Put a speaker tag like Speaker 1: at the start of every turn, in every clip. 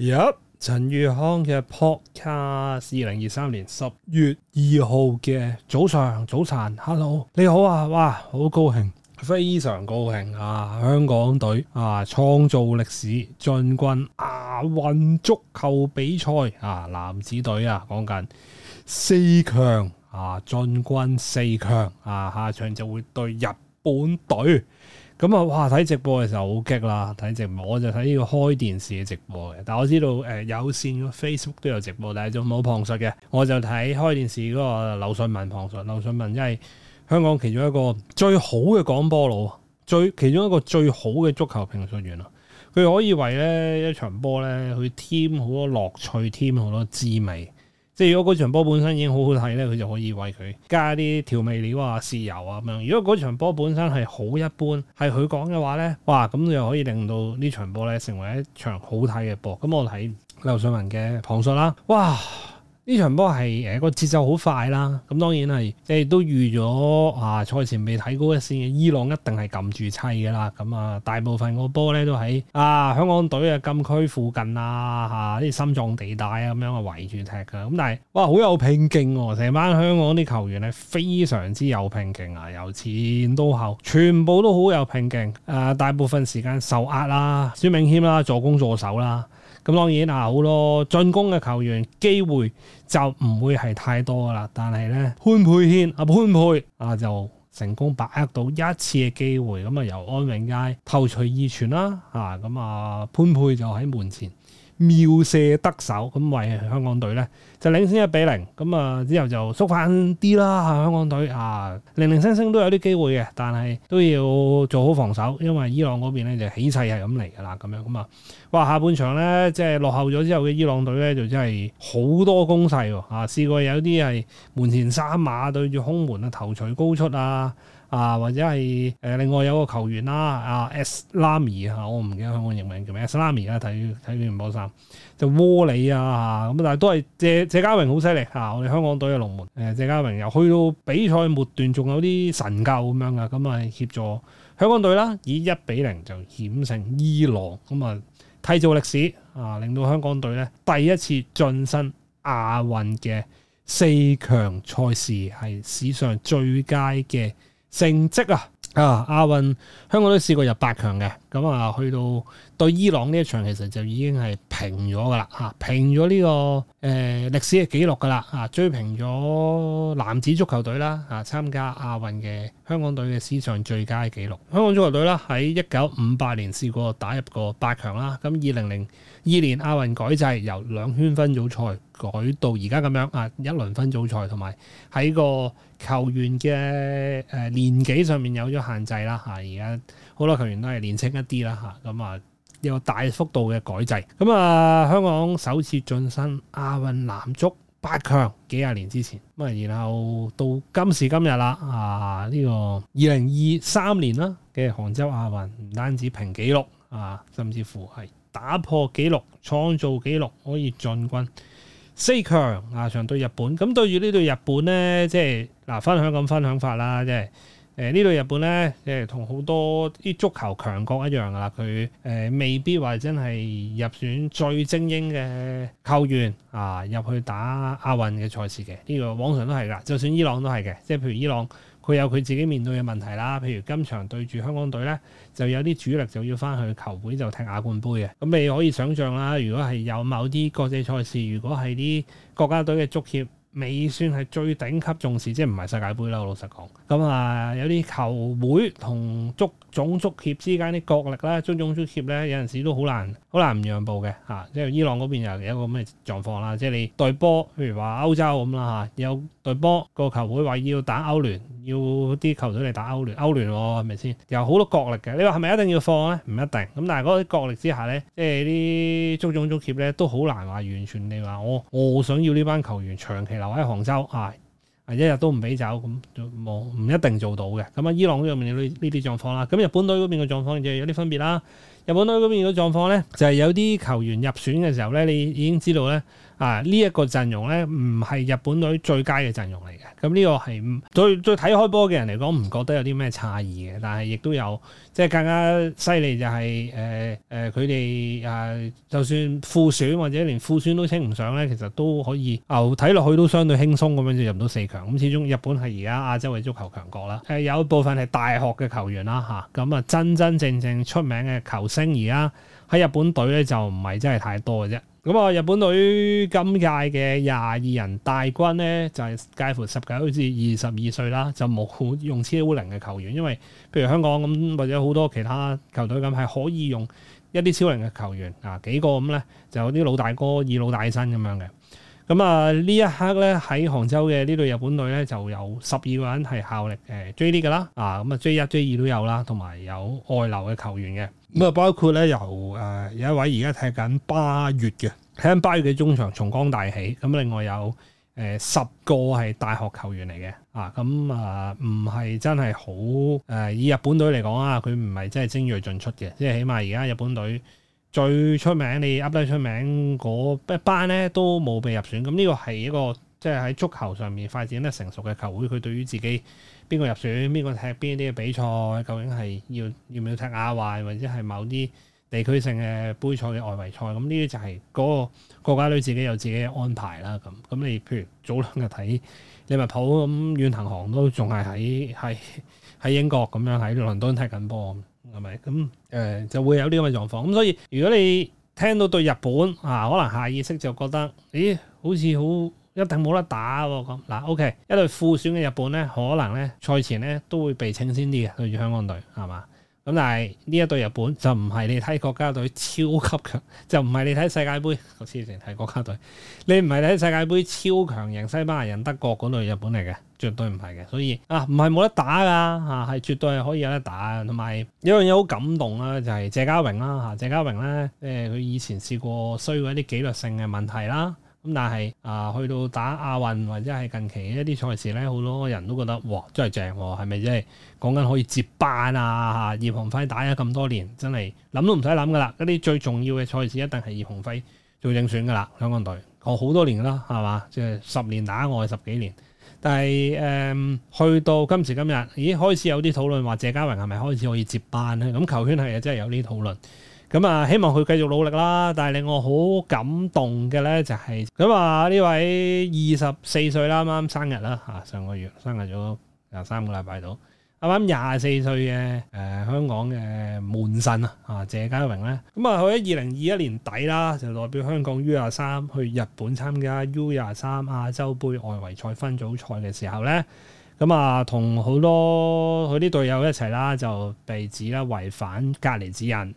Speaker 1: 一陳宇康嘅 podcast 二零二三年十月二號嘅早上早晨。Hello 你好啊，哇，好高興，非常高興啊！香港隊啊，創造歷史，進軍亞運、啊、足球比賽啊，男子隊啊，講緊四強啊，進軍四強啊，下場就會對日本隊。咁啊！哇！睇直播嘅時候好激啦。睇直播我就睇呢個開電視嘅直播嘅。但我知道誒、呃、有線 Facebook 都有直播，但係就冇旁述嘅。我就睇開電視嗰個劉順文旁述。劉順文即係香港其中一個最好嘅廣播佬，最其中一個最好嘅足球評述員咯。佢可以為咧一場波咧去添好多樂趣，添好多滋味。即係如果嗰場波本身已經好好睇咧，佢就可以為佢加啲調味料啊、豉油啊咁樣。如果嗰場波本身係好一般，係佢講嘅話咧，哇，咁就可以令到呢場波咧成為一場好睇嘅波。咁我睇劉尚文嘅旁述啦，哇！呢場波係誒個節奏好快啦，咁、嗯、當然係即係都預咗啊！賽前未睇高一線嘅伊朗一定係撳住砌嘅啦，咁、嗯、啊大部分個波咧都喺啊香港隊嘅禁區附近啦啊，嚇啲心臟地帶、嗯、啊咁樣啊圍住踢嘅，咁但係哇好有拼勁喎！成班香港啲球員係非常之有拼勁啊，由前到後全部都好有拼勁啊！大部分時間受壓啦，孫明謙啦助攻助守啦。咁當然啊，好咯，進攻嘅球員機會就唔會係太多啦。但係咧，潘佩軒阿潘佩啊，就成功把握到一次嘅機會，咁啊由安永佳偷取二傳啦，啊咁啊潘佩就喺門前，妙射得手，咁為香港隊呢就領先一比零。咁啊之後就縮翻啲啦，香港隊啊零零星星都有啲機會嘅，但係都要做好防守，因為伊朗嗰邊呢就起勢係咁嚟噶啦咁樣咁啊，哇，下半場呢，即係落後咗之後嘅伊朗隊呢，就真係好多攻勢喎啊，啊！試過有啲係門前三馬對住空門啊，頭槌高出啊！啊，或者係誒、呃，另外有個球員啦，阿 Aslamy 嚇，amy, 我唔記得香港譯名叫咩？Aslamy 啦，睇睇佢唔波衫，就窩裏啊嚇咁、啊，但係都係謝謝家榮好犀利嚇，我哋香港隊嘅龍門誒、啊，謝家榮又去到比賽末段，仲有啲神救咁樣嘅，咁啊協助香港隊啦、啊，以一比零就險勝伊朗，咁啊締造歷史啊，令到香港隊咧第一次晉身亞運嘅四強賽事，係史上最佳嘅。成績啊啊！亞、啊、運香港都試過入八強嘅，咁、嗯、啊去到對伊朗呢一場，其實就已經係平咗噶啦嚇，平咗呢、這個誒歷、呃、史嘅紀錄噶啦嚇，追平咗男子足球隊啦嚇參、啊、加亞運嘅香港隊嘅史上最佳紀錄。香港足球隊啦喺一九五八年試過打入過八強啦，咁二零零。二年亞運改制，由兩圈分組賽改到而家咁樣啊，一輪分組賽，同埋喺個球員嘅誒、呃、年紀上面有咗限制啦嚇。而家好多球員都係年輕一啲啦嚇，咁啊又、啊、大幅度嘅改制，咁啊香港首次晉身亞運男足八強，幾廿年之前咁啊，然後到今時今日啦啊呢、呢個二零二三年啦嘅杭州亞運，唔單止平紀錄啊，甚至乎係，打破紀錄、創造紀錄，可以進軍四強。亞、啊、強對日本，咁對住呢隊日本呢，即係嗱、啊、分享咁分享法啦，即係誒呢隊日本呢，即係誒同好多啲足球強國一樣㗎啦，佢誒、呃、未必話真係入選最精英嘅球員啊，入去打亞運嘅賽事嘅呢、呢個往常都係噶，就算伊朗都係嘅，即係譬如伊朗。佢有佢自己面對嘅問題啦，譬如今場對住香港隊呢，就有啲主力就要翻去球會就踢亞冠杯嘅，咁你可以想象啦。如果係有某啲國際賽事，如果係啲國家隊嘅足協。未算係最頂級重視，即係唔係世界盃啦。我老實講，咁、嗯、啊有啲球會同足總足協之間啲角力啦，足總足協咧有陣時都好難，好難唔讓步嘅嚇、啊。即係伊朗嗰邊又有一個咩狀況啦？即係你對波，譬如話歐洲咁啦嚇，有對波個球會話要打歐聯，要啲球隊嚟打歐聯，歐聯喎係咪先？有好多角力嘅，你話係咪一定要放咧？唔一定。咁但係嗰啲角力之下咧，即係啲足總足協咧都好難話完全，你話我我想要呢班球員長期喺杭州啊，啊一日都唔俾走，咁冇唔一定做到嘅。咁啊，伊朗嗰邊呢呢啲狀況啦，咁日本隊嗰邊嘅狀況就有啲分別啦。日本隊嗰邊嘅狀況咧，就係、是、有啲球員入選嘅時候咧，你已經知道咧，啊、這個、陣呢一個陣容咧唔係日本隊最佳嘅陣容嚟嘅。咁、嗯、呢、這個係最最睇開波嘅人嚟講唔覺得有啲咩詫異嘅，但係亦都有即係、就是、更加犀利就係誒誒佢哋誒就算副選或者連副選都稱唔上咧，其實都可以，牛睇落去都相對輕鬆咁樣就入唔到四強。咁、嗯、始終日本係而家亞洲嘅足球強國啦，誒、呃、有部分係大學嘅球員啦嚇，咁啊、嗯、真真正正，正，正出名嘅球。星而家喺日本隊咧就唔係真係太多嘅啫。咁啊，日本隊今屆嘅廿二人大軍咧就係、是、介乎十九至二十二歲啦，就冇用超齡嘅球員。因為譬如香港咁或者好多其他球隊咁，係可以用一啲超齡嘅球員啊，幾個咁咧就有啲老大哥、二老大身咁樣嘅。咁啊，呢、嗯、一刻咧喺杭州嘅呢隊日本隊咧就有十二個人係效力誒 J 聯嘅啦，啊咁啊、嗯、J 一 J 二都有啦，同埋有外流嘅球員嘅，咁啊包括咧由誒、呃、有一位而家踢緊巴越嘅，踢緊巴越嘅中場松江大喜，咁、嗯、另外有誒十、呃、個係大學球員嚟嘅，啊咁啊唔係真係好誒、呃、以日本隊嚟講啊，佢唔係真係精鋭盡出嘅，即係起碼而家日本隊。最出名，你 update 出名嗰一班咧都冇被入選。咁呢個係一個即係喺足球上面發展得成熟嘅球會，佢對於自己邊個入選、邊個踢邊啲嘅比賽，究竟係要要唔要踢亞冠，或者係某啲地區性嘅杯賽嘅外圍賽？咁呢啲就係嗰個國家隊自己有自己嘅安排啦。咁咁你譬如早兩日睇利物浦咁遠藤航都仲係喺喺喺英國咁樣喺倫敦踢緊波。係咪咁？誒、嗯、就會有啲咁嘅狀況咁，所以如果你聽到對日本啊，可能下意識就覺得，咦，好似好一定冇得打喎咁嗱。O.K. 一對副選嘅日本咧，可能咧賽前咧都會被請先啲嘅對住香港隊，係嘛？咁但係呢一隊日本就唔係你睇國家隊超級強，就唔係你睇世界盃，我之前睇國家隊，你唔係睇世界盃超強型西班牙人德國嗰隊日本嚟嘅，絕對唔係嘅。所以啊，唔係冇得打噶，吓、啊、係絕對係可以有得打。同埋有，有樣嘢好感動啦，就係、是、謝家榮啦，吓、啊、謝家榮咧，即、呃、佢以前試過衰過一啲紀律性嘅問題啦。咁但係啊、呃，去到打亞運或者係近期一啲賽事咧，好多人都覺得哇，真係正喎、啊，係咪啫？講緊可以接班啊！葉鴻輝打咗咁多年，真係諗都唔使諗噶啦！嗰啲最重要嘅賽事一定係葉鴻輝做正選噶啦，香港隊。我、哦、好多年啦，係嘛？即、就、係、是、十年打外十幾年，但係誒、嗯，去到今時今日，咦，開始有啲討論話謝家榮係咪開始可以接班咧？咁球圈係啊，真係有啲討論。咁啊，希望佢繼續努力啦！但係令我好感動嘅咧、就係，就係咁啊呢位二十四歲啦，啱啱生日啦，啊上個月生日咗廿三個禮拜度，啱啱廿四歲嘅誒香港嘅門神啊，啊謝家榮咧，咁啊佢喺二零二一年底啦，就代表香港 U 廿三去日本參加 U 廿三亞洲杯外圍賽分組賽嘅時候咧，咁啊同好多佢啲隊友一齊啦，就被指啦違反隔離指引。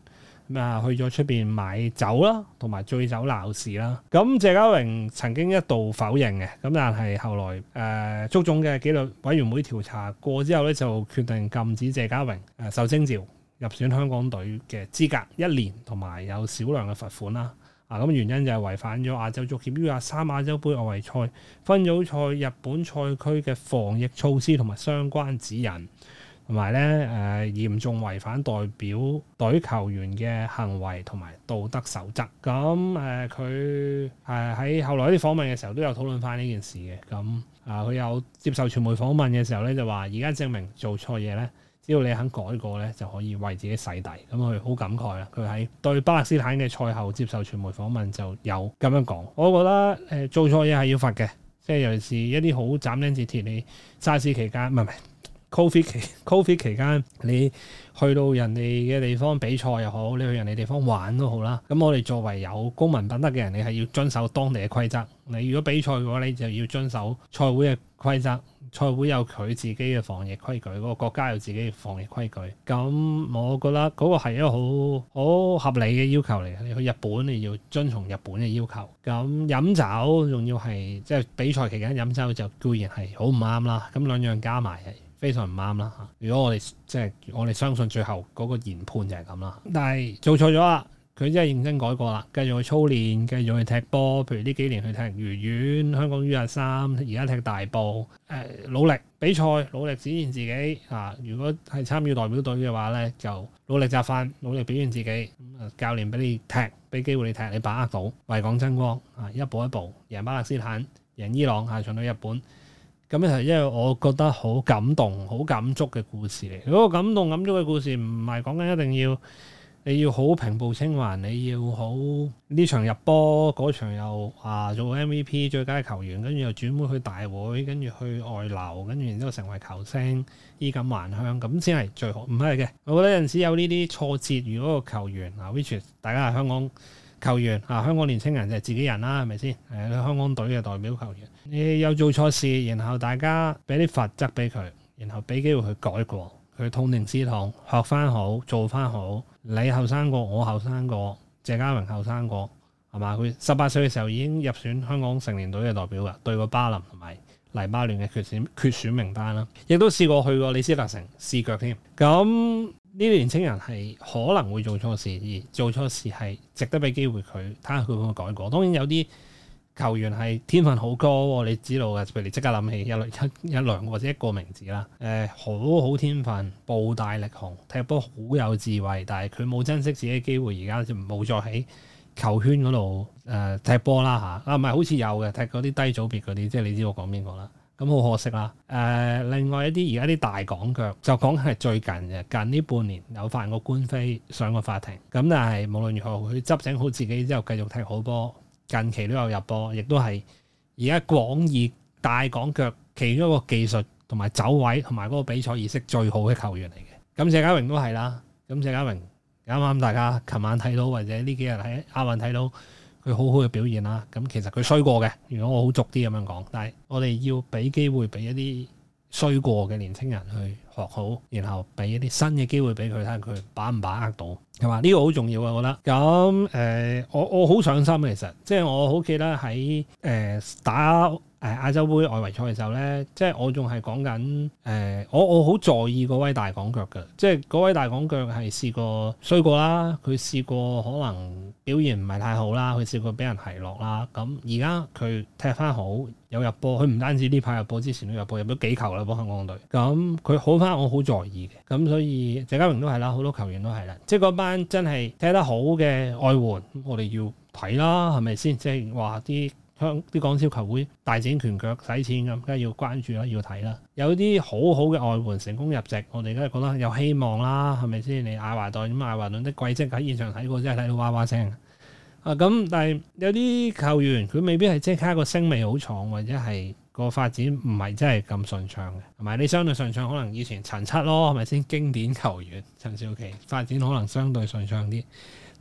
Speaker 1: 啊！去咗出邊買酒啦，同埋醉酒鬧事啦。咁謝家榮曾經一度否認嘅，咁但係後來誒，足總嘅紀律委員會調查過之後咧，就決定禁止謝家榮誒受徵召入選香港隊嘅資格一年，同埋有少量嘅罰款啦。啊，咁原因就係違反咗亞洲足協 U 二三亞洲杯外圍賽分組賽日本賽區嘅防疫措施同埋相關指引。同埋咧，誒、呃、嚴重違反代表隊球員嘅行為同埋道德守則。咁、嗯、誒，佢誒喺後來啲訪問嘅時候都有討論翻呢件事嘅。咁、嗯、啊，佢、呃、有接受傳媒訪問嘅時候咧，就話而家證明做錯嘢咧，只要你肯改過咧，就可以為自己洗底。咁佢好感慨啊！佢喺對巴勒斯坦嘅賽後接受傳媒訪問就有咁樣講。我覺得誒、呃、做錯嘢係要罰嘅，即係尤其是一啲好斬釘截鐵你沙士期間，唔係唔 covid 期 covid 期間，你去到人哋嘅地方比賽又好，你去人哋地方玩都好啦。咁我哋作為有公民品德嘅人，你係要遵守當地嘅規則。你如果比賽嘅話，你就要遵守賽會嘅規則。賽會有佢自己嘅防疫規矩，嗰、那個國家有自己嘅防疫規矩。咁我覺得嗰個係一個好好合理嘅要求嚟。你去日本你要遵從日本嘅要求。咁飲酒仲要係即係比賽期間飲酒就固然係好唔啱啦。咁兩樣加埋非常唔啱啦嚇！如果我哋即係我哋相信最後嗰個研判就係咁啦，但係做錯咗啦，佢真係認真改過啦，繼續去操練，繼續去踢波。譬如呢幾年去踢愉園、香港 U 廿三，而家踢大埔，誒、呃、努力比賽，努力展現自己嚇、啊。如果係參與代表隊嘅話咧，就努力扎翻，努力表現自己。教練俾你踢，俾機會你踢，你把握到為港爭光嚇、啊，一步一步贏巴勒斯坦，贏伊朗嚇，上到日本。咁咧係因為我覺得好感動、好感觸嘅故事嚟。如果個感動、感觸嘅故事唔係講緊一定要你要好平步青雲，你要好呢場入波，嗰場又啊做 MVP 最佳球員，跟住又轉會去大會，跟住去外流，跟住然之後成為球星衣錦還鄉，咁先係最好。唔係嘅，我覺得有陣時有呢啲挫折，如果個球員嗱 Richard 大家喺香港。球員啊，香港年青人就係自己人啦，係咪先？誒，香港隊嘅代表球員，你、哎、又做錯事，然後大家俾啲罰則俾佢，然後俾機會佢改過，佢痛定思痛，學翻好，做翻好。你後生過，我後生過，謝家榮後生過，係嘛？佢十八歲嘅時候已經入選香港成年隊嘅代表㗎，對過巴林同埋黎巴嫩嘅決選決選名單啦，亦都試過去過李斯特城試腳添。咁、嗯嗯呢啲年青人係可能會做錯事，而做錯事係值得俾機會佢，睇下佢會唔會改過。當然有啲球員係天分好高、哦，你知道嘅，譬如即刻諗起一兩一兩個或者一個名字啦。誒、呃，好好天分，步大力雄，踢波好有智慧，但係佢冇珍惜自己嘅機會，而家就冇再喺球圈嗰度誒踢波啦吓，啊，唔係，好似有嘅，踢嗰啲低組別嗰啲，即係你知道我講邊個啦？咁好、嗯、可惜啦，誒、呃，另外一啲而家啲大港腳，就講係最近嘅近呢半年有犯過官非上過法庭，咁但係無論如何佢執整好自己之後繼續踢好波，近期都有入波，亦都係而家廣義大港腳其中一個技術同埋走位同埋嗰個比賽意識最好嘅球員嚟嘅。咁、嗯、謝家榮都係啦，咁、嗯、謝家榮啱啱大家琴晚睇到或者呢幾日喺亞運睇到。佢好好嘅表現啦，咁其實佢衰過嘅。如果我好俗啲咁樣講，但係我哋要俾機會俾一啲衰過嘅年青人去學好，然後俾一啲新嘅機會俾佢睇下佢把唔把握到係嘛？呢、這個好重要啊！我覺得。咁誒、呃，我我好上心其實，即係我好記得喺誒、呃、打。誒亞洲杯外圍賽嘅時候咧，即係我仲係講緊誒，我我好在意嗰位大港腳嘅，即係嗰位大港腳係試過衰過啦，佢試過可能表現唔係太好啦，佢試過俾人奚落啦，咁而家佢踢翻好，有入波，佢唔單止呢排入波，之前都入波入咗幾球啦，幫香港隊。咁佢好翻，我好在意嘅。咁所以謝家榮都係啦，好多球員都係啦，即係嗰班真係踢得好嘅外援，我哋要睇啦，係咪先？即係話啲。啲港超球會大展拳腳使錢咁，梗係要關注啦，要睇啦。有啲好好嘅外援成功入籍，我哋梗係覺得有希望啦，係咪先？你艾華頓咁啊，艾華頓嘅軌跡喺現場睇過真係睇到哇哇聲啊！咁但係有啲球員佢未必係即刻個聲味好重，或者係個發展唔係真係咁順暢嘅。係咪？你相對順暢，可能以前陳七咯，係咪先？經典球員陳肇麒發展可能相對順暢啲。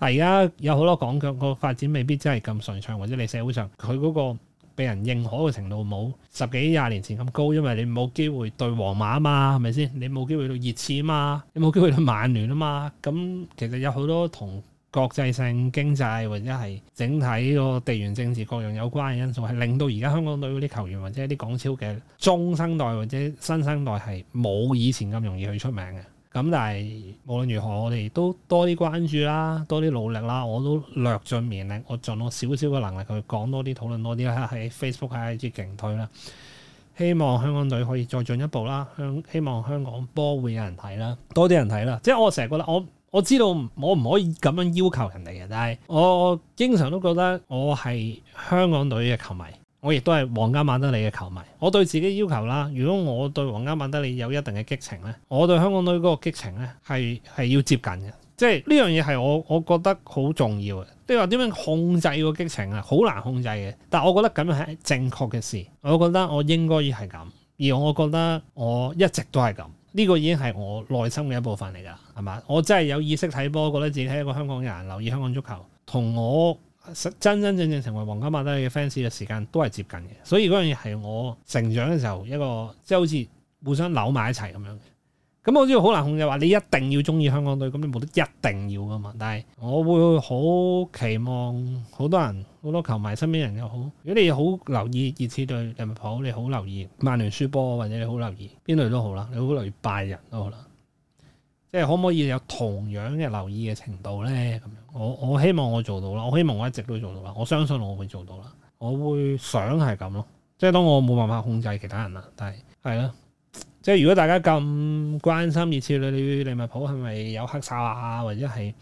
Speaker 1: 但而家有好多港腳個發展未必真係咁順暢，或者你社會上佢嗰個被人認可嘅程度冇十幾廿年前咁高，因為你冇機會對皇馬啊嘛，係咪先？你冇機會對熱刺啊嘛，你冇機會對曼聯啊嘛。咁、嗯、其實有好多同國際性經濟或者係整體個地緣政治各樣有關嘅因素，係令到而家香港隊嗰啲球員或者啲港超嘅中生代或者新生代係冇以前咁容易去出名嘅。咁但係無論如何，我哋都多啲關注啦，多啲努力啦。我都略盡綿力，我盡我少少嘅能力去講多啲，討論多啲啦。喺 Facebook 係越勁推啦，希望香港隊可以再進一步啦。香希望香港波會有人睇啦，多啲人睇啦。即係我成日覺得，我我知道我唔可以咁樣要求人哋嘅，但係我，我經常都覺得我係香港隊嘅球迷。我亦都係皇家曼德里嘅球迷，我對自己要求啦。如果我對皇家曼德里有一定嘅激情呢，我對香港隊嗰個激情呢係係要接近嘅。即係呢樣嘢係我，我覺得好重要嘅。即係話點樣控制個激情啊？好難控制嘅。但我覺得咁樣係正確嘅事。我覺得我應該要係咁，而我覺得我一直都係咁。呢個已經係我內心嘅一部分嚟噶，係嘛？我真係有意識睇波，覺得自己係一個香港人，留意香港足球，同我。實真真正正成為皇家馬德里嘅 fans 嘅時間都係接近嘅，所以嗰樣嘢係我成長嘅時候一個，即係好似互相扭埋一齊咁樣。咁我知道好難控制話，你一定要中意香港隊，咁你冇得一定要噶嘛。但係我會好期望好多人，好多球迷身邊人又好，如果你好留意熱刺隊利物浦，你好留意曼聯輸波，或者你好留意邊隊都好啦，你好留意拜仁都好啦。即係可唔可以有同樣嘅留意嘅程度咧？咁樣，我我希望我做到啦，我希望我一直都做到啦，我相信我會做到啦，我會想係咁咯。即係當我冇辦法控制其他人啦，但係係啦。即係如果大家咁關心熱刺你利物浦係咪有黑哨啊？或者係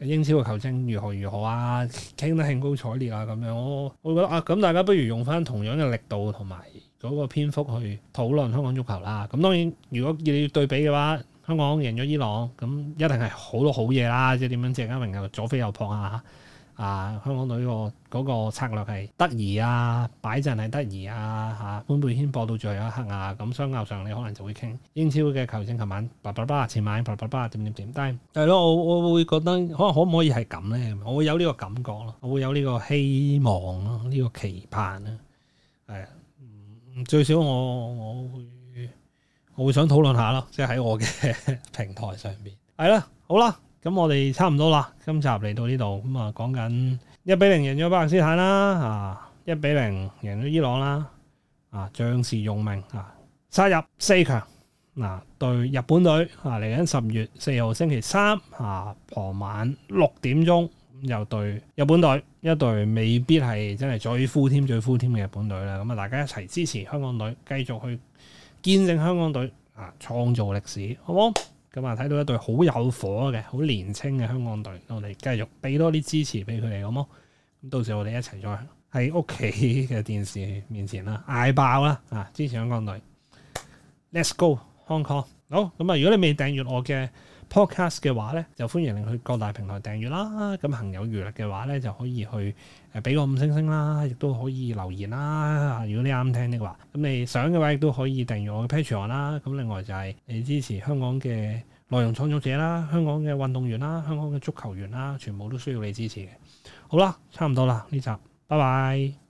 Speaker 1: 英超嘅球證如何如何啊？傾得興高采烈啊？咁樣，我我會覺得啊，咁大家不如用翻同樣嘅力度同埋嗰個篇幅去討論香港足球啦。咁當然，如果你要對比嘅話，香港贏咗伊朗，咁一定係好多好嘢啦！即係點樣謝家榮又左飛右撲啊！啊，香港隊個嗰個策略係得宜啊，擺陣係得宜啊嚇，潘貝軒博到最後一刻啊，咁、啊、相拗上你可能就會傾英超嘅球證，琴晚巴拉巴拉，前晚巴拉巴拉，點點點，但係咯，我我會覺得可能可唔可以係咁咧？我會有呢個感覺咯，我會有呢個希望咯，呢、這個期盼咧，係、哎、啊、嗯，最少我我會。我會想討論下咯，即係喺我嘅平台上邊，係啦，好啦，咁、嗯、我哋差唔多啦，今集嚟到呢度，咁、嗯、啊講緊一比零贏咗巴勒斯坦啦，啊一比零贏咗伊朗啦，啊將士用命，啊殺入四強，嗱、啊、對日本隊啊，嚟緊十月四號星期三啊傍晚六點鐘，又對日本隊，一隊未必係真係最敷添最敷添嘅日本隊啦，咁啊大家一齊支持香港隊繼續去。見證香港隊啊！創造歷史，好唔好？咁啊，睇到一隊好有火嘅、好年青嘅香港隊，我哋繼續俾多啲支持俾佢哋，好唔好？咁到時我哋一齊再喺屋企嘅電視面前啦，嗌爆啦啊！支持香港隊，Let's go Hong Kong！好，咁啊、嗯！如果你未訂閱我嘅，Podcast 嘅話咧，就歡迎你去各大平台訂閱啦。咁、嗯、行有餘力嘅話咧，就可以去誒俾個五星星啦，亦都可以留言啦。如果你啱聽的話，咁你想嘅話，亦都可以訂閱我嘅 Patreon 啦。咁另外就係你支持香港嘅內容創作者啦，香港嘅運動員啦，香港嘅足球員啦，全部都需要你支持嘅。好啦，差唔多啦，呢集，拜拜。